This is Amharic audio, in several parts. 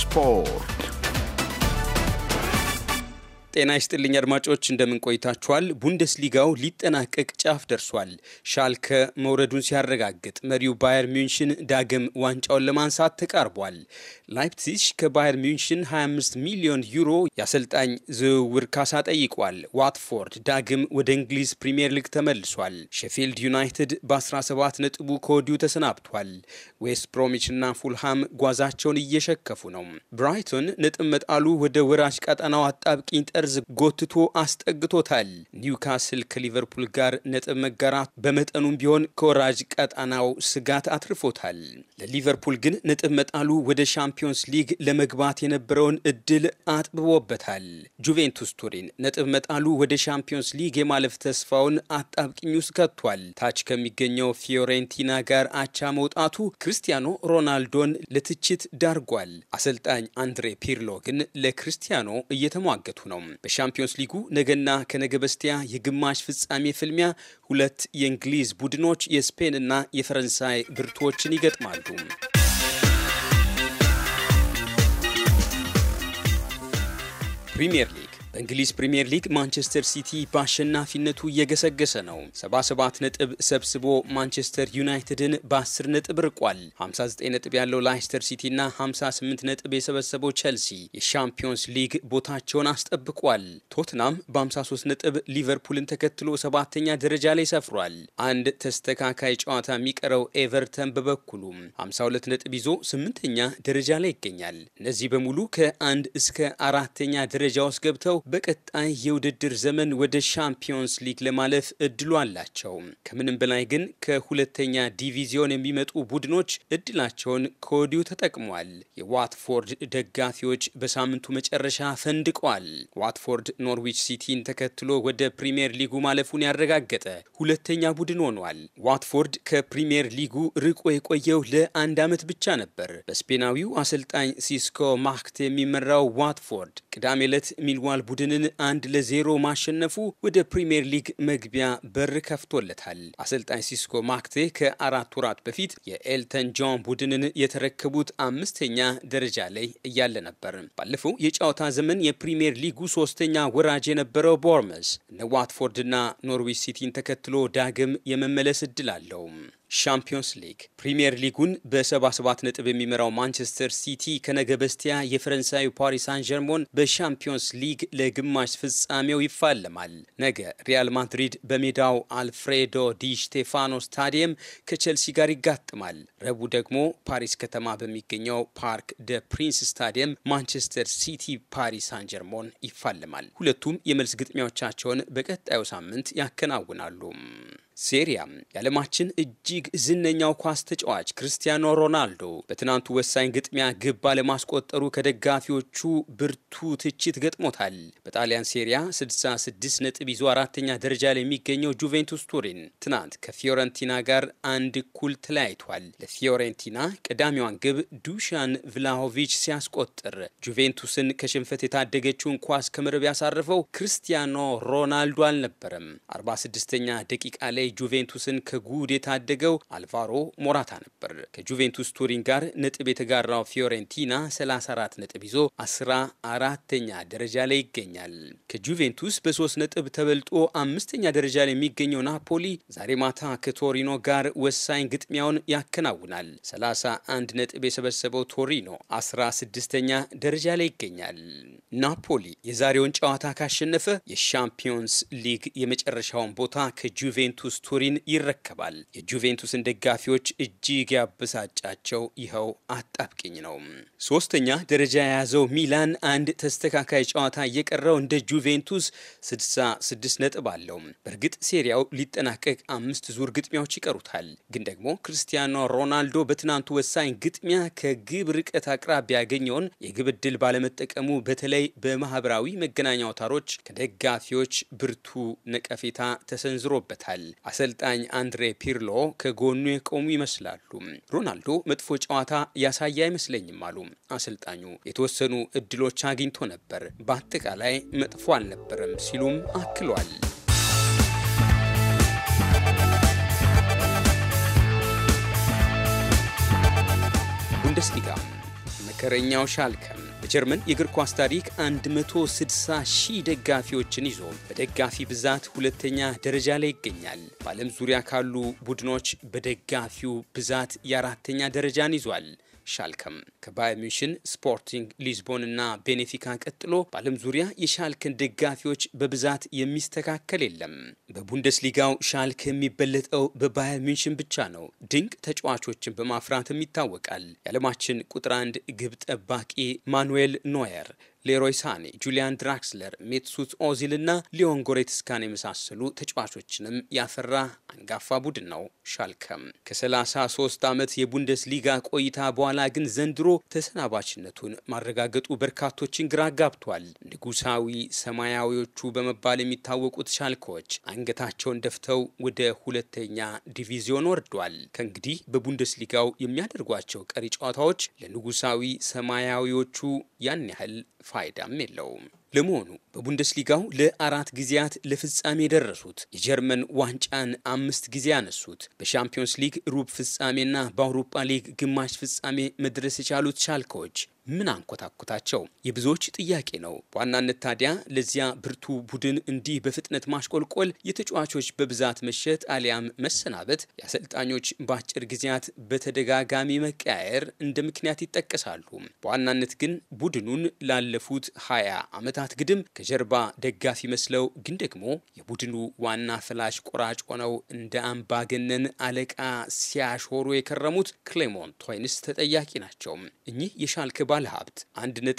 Spor. ጤና ይስጥልኝ አድማጮች፣ እንደምን ቆይታችኋል? ቡንደስሊጋው ሊጠናቀቅ ጫፍ ደርሷል። ሻልከ መውረዱን ሲያረጋግጥ፣ መሪው ባየር ሚንሽን ዳግም ዋንጫውን ለማንሳት ተቃርቧል። ላይፕሲሽ ከባየር ሚንሽን 25 ሚሊዮን ዩሮ የአሰልጣኝ ዝውውር ካሳ ጠይቋል። ዋትፎርድ ዳግም ወደ እንግሊዝ ፕሪምየር ሊግ ተመልሷል። ሼፊልድ ዩናይትድ በ17 ነጥቡ ከወዲሁ ተሰናብቷል። ዌስት ብሮሚች እና ፉልሃም ጓዛቸውን እየሸከፉ ነው። ብራይቶን ነጥብ መጣሉ ወደ ወራጅ ቀጠናው አጣብቂኝ ጠርዝ ጎትቶ አስጠግቶታል። ኒውካስል ከሊቨርፑል ጋር ነጥብ መጋራት በመጠኑም ቢሆን ከወራጅ ቀጣናው ስጋት አትርፎታል። ለሊቨርፑል ግን ነጥብ መጣሉ ወደ ሻምፒዮንስ ሊግ ለመግባት የነበረውን እድል አጥብቦበታል። ጁቬንቱስ ቱሪን ነጥብ መጣሉ ወደ ሻምፒዮንስ ሊግ የማለፍ ተስፋውን አጣብቅኝ ውስጥ ከቷል። ታች ከሚገኘው ፊዮሬንቲና ጋር አቻ መውጣቱ ክርስቲያኖ ሮናልዶን ለትችት ዳርጓል። አሰልጣኝ አንድሬ ፒርሎ ግን ለክርስቲያኖ እየተሟገቱ ነው። በሻምፒዮንስ ሊጉ ነገና ከነገ በስቲያ የግማሽ ፍጻሜ ፍልሚያ ሁለት የእንግሊዝ ቡድኖች የስፔንና የፈረንሳይ ብርቱዎችን ይገጥማሉ። ፕሪምየር ሊግ በእንግሊዝ ፕሪምየር ሊግ ማንቸስተር ሲቲ በአሸናፊነቱ እየገሰገሰ ነው። 77 ነጥብ ሰብስቦ ማንቸስተር ዩናይትድን በ10 ነጥብ ርቋል። 59 ነጥብ ያለው ላይስተር ሲቲ ሲቲና 58 ነጥብ የሰበሰበው ቸልሲ የሻምፒዮንስ ሊግ ቦታቸውን አስጠብቋል። ቶትናም በ53 ነጥብ ሊቨርፑልን ተከትሎ ሰባተኛ ደረጃ ላይ ሰፍሯል። አንድ ተስተካካይ ጨዋታ የሚቀረው ኤቨርተን በበኩሉ 52 ነጥብ ይዞ ስምንተኛ ደረጃ ላይ ይገኛል። እነዚህ በሙሉ ከአንድ እስከ አራተኛ ደረጃ ውስጥ ገብተው በቀጣይ የውድድር ዘመን ወደ ሻምፒዮንስ ሊግ ለማለፍ እድሉ አላቸው። ከምንም በላይ ግን ከሁለተኛ ዲቪዚዮን የሚመጡ ቡድኖች እድላቸውን ከወዲሁ ተጠቅሟል። የዋትፎርድ ደጋፊዎች በሳምንቱ መጨረሻ ፈንድቋል። ዋትፎርድ ኖርዊች ሲቲን ተከትሎ ወደ ፕሪምየር ሊጉ ማለፉን ያረጋገጠ ሁለተኛ ቡድን ሆኗል። ዋትፎርድ ከፕሪምየር ሊጉ ርቆ የቆየው ለአንድ ዓመት ብቻ ነበር። በስፔናዊው አሰልጣኝ ሲስኮ ማክት የሚመራው ዋትፎርድ ቅዳሜ ዕለት ሚልዋል ቡድንን አንድ ለዜሮ ማሸነፉ ወደ ፕሪምየር ሊግ መግቢያ በር ከፍቶለታል። አሰልጣኝ ሲስኮ ማክቴ ከአራት ወራት በፊት የኤልተን ጆን ቡድንን የተረከቡት አምስተኛ ደረጃ ላይ እያለ ነበር። ባለፈው የጨዋታ ዘመን የፕሪምየር ሊጉ ሶስተኛ ወራጅ የነበረው ቦርመስ እነ ዋትፎርድና ኖርዊች ሲቲን ተከትሎ ዳግም የመመለስ እድል አለው። ሻምፒዮንስ ሊግ ፕሪምየር ሊጉን በ77 ነጥብ የሚመራው ማንቸስተር ሲቲ ከነገ በስቲያ የፈረንሳዩ ፓሪስ ሳን ጀርሞን በሻምፒዮንስ ሊግ ለግማሽ ፍጻሜው ይፋለማል። ነገ ሪያል ማድሪድ በሜዳው አልፍሬዶ ዲ ስቴፋኖ ስታዲየም ከቸልሲ ጋር ይጋጥማል። ረቡ ደግሞ ፓሪስ ከተማ በሚገኘው ፓርክ ደ ፕሪንስ ስታዲየም ማንቸስተር ሲቲ ፓሪስ ሳን ጀርሞን ይፋለማል። ሁለቱም የመልስ ግጥሚያዎቻቸውን በቀጣዩ ሳምንት ያከናውናሉ። ሴሪያ የዓለማችን እጅግ ዝነኛው ኳስ ተጫዋች ክርስቲያኖ ሮናልዶ በትናንቱ ወሳኝ ግጥሚያ ግብ ባለማስቆጠሩ ከደጋፊዎቹ ብርቱ ትችት ገጥሞታል። በጣሊያን ሴሪያ 66 ነጥብ ይዞ አራተኛ ደረጃ ላይ የሚገኘው ጁቬንቱስ ቱሪን ትናንት ከፊዮረንቲና ጋር አንድ እኩል ተለያይቷል። ለፊዮረንቲና ቀዳሚዋን ግብ ዱሻን ቭላሆቪች ሲያስቆጥር ጁቬንቱስን ከሽንፈት የታደገችውን ኳስ ከመረብ ያሳረፈው ክርስቲያኖ ሮናልዶ አልነበረም። 46ኛ ደቂቃ ላይ ጁቬንቱስን ከጉድ የታደገው አልቫሮ ሞራታ ነበር። ከጁቬንቱስ ቱሪን ጋር ነጥብ የተጋራው ፊዮሬንቲና 34 ነጥብ ይዞ 14ተኛ ደረጃ ላይ ይገኛል። ከጁቬንቱስ በ በ3 ነጥብ ተበልጦ አምስተኛ ደረጃ ላይ የሚገኘው ናፖሊ ዛሬ ማታ ከቶሪኖ ጋር ወሳኝ ግጥሚያውን ያከናውናል። 31 ነጥብ የሰበሰበው ቶሪኖ 16 ተኛ ደረጃ ላይ ይገኛል። ናፖሊ የዛሬውን ጨዋታ ካሸነፈ የሻምፒዮንስ ሊግ የመጨረሻውን ቦታ ከጁቬንቱስ ቱሪን ይረከባል። የጁቬንቱስን ደጋፊዎች እጅግ ያበሳጫቸው ይኸው አጣብቂኝ ነው። ሶስተኛ ደረጃ የያዘው ሚላን አንድ ተስተካካይ ጨዋታ እየቀረው እንደ ጁቬንቱስ 66 ነጥብ አለው። በእርግጥ ሴሪያው ሊጠናቀቅ አምስት ዙር ግጥሚያዎች ይቀሩታል። ግን ደግሞ ክርስቲያኖ ሮናልዶ በትናንቱ ወሳኝ ግጥሚያ ከግብ ርቀት አቅራቢያ ያገኘውን የግብ እድል ባለመጠቀሙ በተለይ በማህበራዊ መገናኛ አውታሮች ከደጋፊዎች ብርቱ ነቀፌታ ተሰንዝሮበታል። አሰልጣኝ አንድሬ ፒርሎ ከጎኑ የቆሙ ይመስላሉ። ሮናልዶ መጥፎ ጨዋታ ያሳየ አይመስለኝም አሉ አሰልጣኙ። የተወሰኑ እድሎች አግኝቶ ነበር፣ በአጠቃላይ መጥፎ አልነበረም ሲሉም አክሏል። ቡንደስሊጋ መከረኛው ሻልከም በጀርመን የእግር ኳስ ታሪክ 160 ሺህ ደጋፊዎችን ይዞ በደጋፊ ብዛት ሁለተኛ ደረጃ ላይ ይገኛል። በዓለም ዙሪያ ካሉ ቡድኖች በደጋፊው ብዛት የአራተኛ ደረጃን ይዟል። ሻልከም ከባየር ሚሽን ስፖርቲንግ ሊዝቦን እና ቤኔፊካ ቀጥሎ በዓለም ዙሪያ የሻልክን ደጋፊዎች በብዛት የሚስተካከል የለም። በቡንደስሊጋው ሻልክ የሚበለጠው በባየር ሚንሽን ብቻ ነው። ድንቅ ተጫዋቾችን በማፍራትም ይታወቃል። የዓለማችን ቁጥር አንድ ግብ ጠባቂ ማኑኤል ኖየር ሌሮይ ሳኔ፣ ጁሊያን ድራክስለር፣ ሜትሱት ኦዚል እና ሊዮን ጎሬትስካን የመሳሰሉ ተጫዋቾችንም ያፈራ አንጋፋ ቡድን ነው ሻልከም። ከ33 ዓመት የቡንደስሊጋ ቆይታ በኋላ ግን ዘንድሮ ተሰናባችነቱን ማረጋገጡ በርካቶችን ግራ ጋብቷል። ንጉሳዊ ሰማያዊዎቹ በመባል የሚታወቁት ሻልኮዎች አንገታቸውን ደፍተው ወደ ሁለተኛ ዲቪዚዮን ወርዷል። ከእንግዲህ በቡንደስሊጋው የሚያደርጓቸው ቀሪ ጨዋታዎች ለንጉሳዊ ሰማያዊዎቹ ያን ያህል ፋይዳም የለውም። ለመሆኑ በቡንደስሊጋው ለአራት ጊዜያት ለፍጻሜ የደረሱት የጀርመን ዋንጫን አምስት ጊዜ ያነሱት በሻምፒዮንስ ሊግ ሩብ ፍጻሜና በአውሮፓ ሊግ ግማሽ ፍጻሜ መድረስ የቻሉት ሻልካዎች ምን አንኮታኩታቸው? የብዙዎች ጥያቄ ነው። በዋናነት ታዲያ ለዚያ ብርቱ ቡድን እንዲህ በፍጥነት ማሽቆልቆል፣ የተጫዋቾች በብዛት መሸጥ አሊያም መሰናበት፣ የአሰልጣኞች በአጭር ጊዜያት በተደጋጋሚ መቀያየር እንደ ምክንያት ይጠቀሳሉ። በዋናነት ግን ቡድኑን ላለፉት ሀያ ዓመታት ግድም ከጀርባ ደጋፊ መስለው ግን ደግሞ የቡድኑ ዋና ፍላሽ ቆራጭ ሆነው እንደ አምባገነን አለቃ ሲያሾሩ የከረሙት ክሌሞንት ቶይንስ ተጠያቂ ናቸው። እኚህ የሻልክ ባለሀብት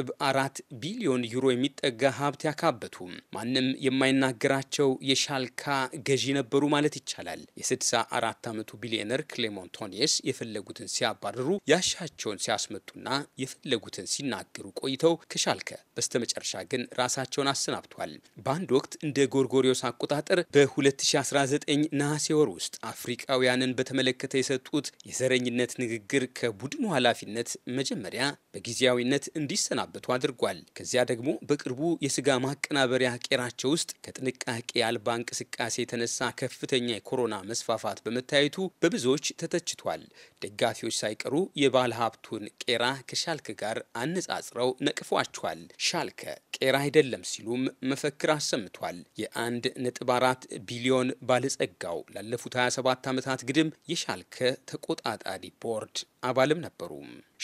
1.4 ቢሊዮን ዩሮ የሚጠጋ ሀብት ያካበቱ ማንም የማይናገራቸው የሻልካ ገዢ ነበሩ ማለት ይቻላል። የ64 ዓመቱ ቢሊዮነር ክሌሞን ቶኔስ የፈለጉትን ሲያባርሩ፣ ያሻቸውን ሲያስመጡና የፈለጉትን ሲናገሩ ቆይተው ከሻልከ በስተመጨረሻ ግን ራሳቸውን አሰናብቷል። በአንድ ወቅት እንደ ጎርጎሪዮስ አቆጣጠር በ2019 ነሐሴ ወር ውስጥ አፍሪቃውያንን በተመለከተ የሰጡት የዘረኝነት ንግግር ከቡድኑ ኃላፊነት መጀመሪያ በጊዜ በጊዜያዊነት እንዲሰናበቱ አድርጓል። ከዚያ ደግሞ በቅርቡ የስጋ ማቀናበሪያ ቄራቸው ውስጥ ከጥንቃቄ አልባ እንቅስቃሴ የተነሳ ከፍተኛ የኮሮና መስፋፋት በመታየቱ በብዙዎች ተተችቷል። ደጋፊዎች ሳይቀሩ የባለ ሀብቱን ቄራ ከሻልክ ጋር አነጻጽረው ነቅፏቸዋል። ሻልከ ቄራ አይደለም ሲሉም መፈክር አሰምቷል። የአንድ ነጥብ አራት ቢሊዮን ባለጸጋው ላለፉት 27 ዓመታት ግድም የሻልከ ተቆጣጣሪ ቦርድ አባልም ነበሩ።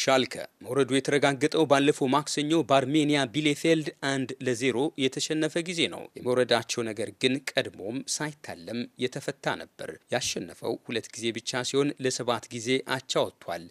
ሻልከ መውረዱ የተረ ያረጋገጠው ባለፈው ማክሰኞ በአርሜኒያ ቢሌፌልድ አንድ ለዜሮ የተሸነፈ ጊዜ ነው። የመውረዳቸው ነገር ግን ቀድሞም ሳይታለም የተፈታ ነበር። ያሸነፈው ሁለት ጊዜ ብቻ ሲሆን ለሰባት ጊዜ አቻ ወጥቷል።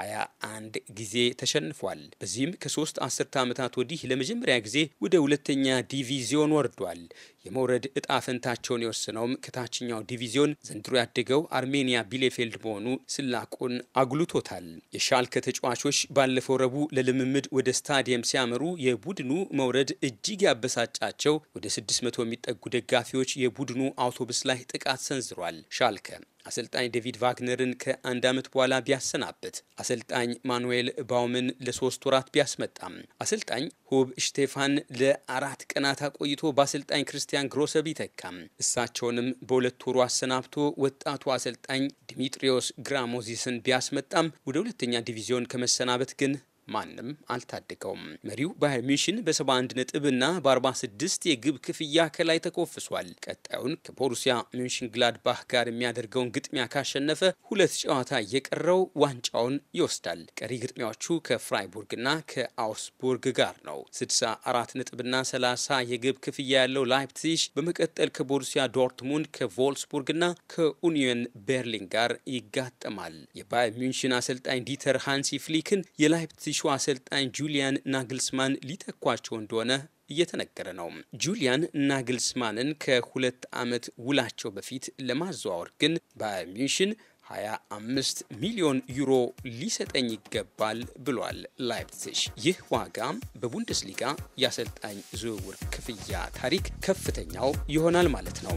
21 ጊዜ ተሸንፏል። በዚህም ከሶስት አስርተ ዓመታት ወዲህ ለመጀመሪያ ጊዜ ወደ ሁለተኛ ዲቪዚዮን ወርዷል። የመውረድ እጣ ፈንታቸውን የወሰነውም ከታችኛው ዲቪዚዮን ዘንድሮ ያደገው አርሜኒያ ቢሌፌልድ መሆኑ ስላቁን አጉልቶታል። የሻልከ ተጫዋቾች ባለፈው ረቡዕ ለልምምድ ወደ ስታዲየም ሲያመሩ የቡድኑ መውረድ እጅግ ያበሳጫቸው ወደ 600 የሚጠጉ ደጋፊዎች የቡድኑ አውቶቡስ ላይ ጥቃት ሰንዝሯል። ሻልከ አሰልጣኝ ዴቪድ ቫግነርን ከአንድ ዓመት በኋላ ቢያሰናብት፣ አሰልጣኝ ማኑኤል ባውምን ለሶስት ወራት ቢያስመጣም፣ አሰልጣኝ ሁብ ሽቴፋን ለአራት ቀናት አቆይቶ በአሰልጣኝ ክርስቲያን ግሮሰ ቢተካም፣ እሳቸውንም በሁለት ወሩ አሰናብቶ ወጣቱ አሰልጣኝ ዲሚጥሪዮስ ግራሞዚስን ቢያስመጣም ወደ ሁለተኛ ዲቪዚዮን ከመሰናበት ግን ማንም አልታደገውም። መሪው ባየር ሚሽን በ71 ነጥብ እና በ46 የግብ ክፍያ ከላይ ተኮፍሷል። ቀጣዩን ከቦሩሲያ ሚንሽን ግላድባህ ጋር የሚያደርገውን ግጥሚያ ካሸነፈ ሁለት ጨዋታ እየቀረው ዋንጫውን ይወስዳል። ቀሪ ግጥሚያዎቹ ከፍራይቡርግ እና ከአውስቡርግ ጋር ነው። 64 ነጥብና 30 የግብ ክፍያ ያለው ላይፕሲሽ በመቀጠል ከቦሩሲያ ዶርትሙንድ፣ ከቮልስቡርግ እና ከኡኒየን ቤርሊን ጋር ይጋጠማል። የባየር ሚንሽን አሰልጣኝ ዲተር ሃንሲ ፍሊክን የላይፕሲ የእንግሊሹ አሰልጣኝ ጁሊያን ናግልስማን ሊተኳቸው እንደሆነ እየተነገረ ነው። ጁሊያን ናግልስማንን ከሁለት ዓመት ውላቸው በፊት ለማዘዋወር ግን ባየር ሚንሽን 25 ሚሊዮን ዩሮ ሊሰጠኝ ይገባል ብሏል ላይፕዚሽ። ይህ ዋጋ በቡንደስሊጋ የአሰልጣኝ ዝውውር ክፍያ ታሪክ ከፍተኛው ይሆናል ማለት ነው።